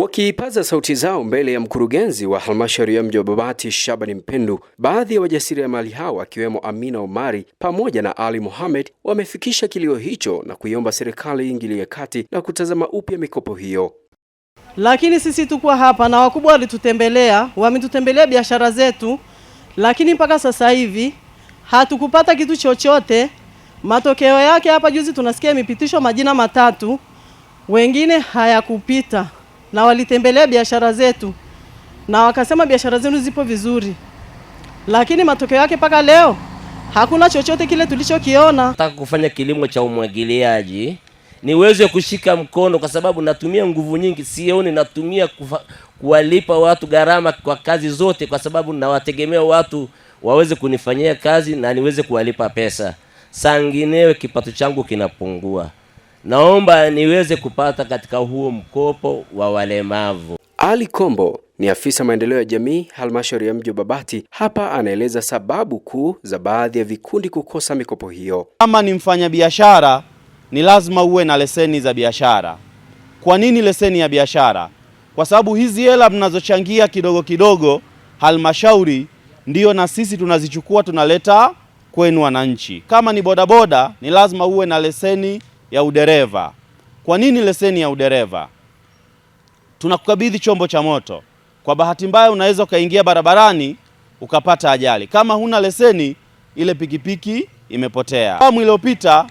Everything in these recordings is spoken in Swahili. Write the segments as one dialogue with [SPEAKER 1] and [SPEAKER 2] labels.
[SPEAKER 1] Wakiipaza sauti zao mbele ya mkurugenzi wa halmashauri ya mji wa Babati Shabani Mpendu, baadhi ya wajasiriamali hao akiwemo Amina Omari pamoja na Ali Mohamed wamefikisha kilio hicho na kuiomba serikali iingilie kati na kutazama upya mikopo hiyo.
[SPEAKER 2] Lakini sisi tukuwa hapa na wakubwa walitutembelea, wametutembelea biashara zetu, lakini mpaka sasa hivi hatukupata kitu chochote. Matokeo yake hapa juzi tunasikia mipitisho majina matatu, wengine hayakupita na walitembelea biashara zetu na wakasema biashara zenu zipo vizuri, lakini matokeo yake mpaka leo hakuna chochote kile tulichokiona.
[SPEAKER 3] Nataka kufanya kilimo cha umwagiliaji niweze kushika mkono, kwa sababu natumia nguvu nyingi, sioni natumia kufa, kuwalipa watu gharama kwa kazi zote, kwa sababu nawategemea watu waweze kunifanyia kazi na niweze kuwalipa pesa, sanginewe kipato changu kinapungua naomba niweze kupata katika huo mkopo wa walemavu.
[SPEAKER 1] Ali Kombo ni afisa maendeleo ya jamii halmashauri ya mji wa Babati. Hapa anaeleza sababu kuu za baadhi ya vikundi kukosa mikopo hiyo.
[SPEAKER 4] Kama ni mfanyabiashara, ni lazima uwe na leseni za biashara. Kwa nini leseni ya biashara? Kwa sababu hizi hela mnazochangia kidogo kidogo halmashauri, ndiyo na sisi tunazichukua tunaleta kwenu wananchi. Kama ni bodaboda, ni lazima uwe na leseni ya udereva. Kwa nini leseni ya udereva? Tunakukabidhi chombo cha moto, kwa bahati mbaya unaweza ukaingia barabarani ukapata ajali. Kama huna leseni, ile pikipiki imepotea. Awamu iliyopita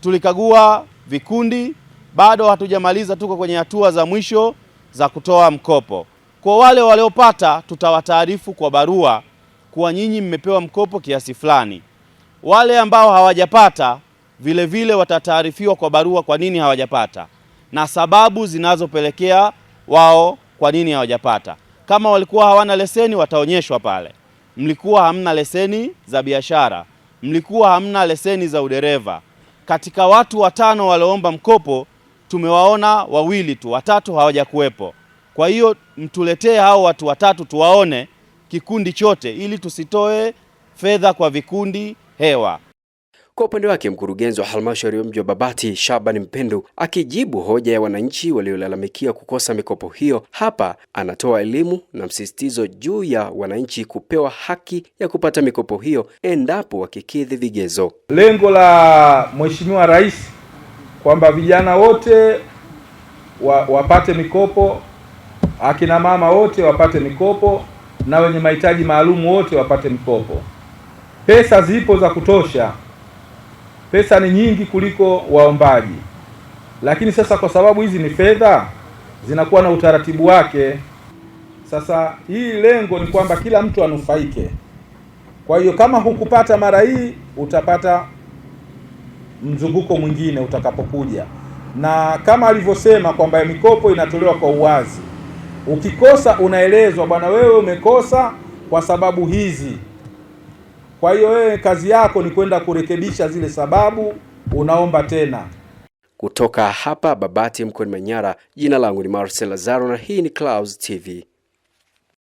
[SPEAKER 4] tulikagua vikundi, bado hatujamaliza, tuko kwenye hatua za mwisho za kutoa mkopo. Kwa wale waliopata, tutawataarifu kwa barua kuwa nyinyi mmepewa mkopo kiasi fulani. Wale ambao hawajapata vilevile watataarifiwa kwa barua kwa nini hawajapata na sababu zinazopelekea wao kwa nini hawajapata. Kama walikuwa hawana leseni, wataonyeshwa pale, mlikuwa hamna leseni za biashara, mlikuwa hamna leseni za udereva. Katika watu watano walioomba mkopo tumewaona wawili tu, watatu hawajakuwepo. Kwa hiyo mtuletee hao watu watatu tuwaone kikundi chote, ili tusitoe fedha kwa vikundi hewa.
[SPEAKER 1] Kwa upande wake mkurugenzi wa halmashauri ya mji wa Babati Shaban Mpendo akijibu hoja ya wananchi waliolalamikia kukosa mikopo hiyo, hapa anatoa elimu na msisitizo juu ya wananchi kupewa haki ya kupata mikopo hiyo endapo wakikidhi vigezo.
[SPEAKER 5] Lengo la Mheshimiwa Rais kwamba vijana wote wa, wapate mikopo, akina mama wote wapate mikopo na wenye mahitaji maalum wote wapate mikopo. Pesa zipo za kutosha pesa ni nyingi kuliko waombaji, lakini sasa kwa sababu hizi ni fedha zinakuwa na utaratibu wake. Sasa hii lengo ni kwamba kila mtu anufaike. Kwa hiyo kama hukupata mara hii, utapata mzunguko mwingine utakapokuja, na kama alivyosema kwamba mikopo inatolewa kwa uwazi. Ukikosa unaelezwa, bwana, wewe umekosa kwa sababu hizi. Kwa hiyo wewe kazi yako ni kwenda kurekebisha zile sababu, unaomba tena.
[SPEAKER 1] Kutoka hapa Babati mkoani Manyara, jina langu ni Marcel Lazaro na hii ni Clouds TV.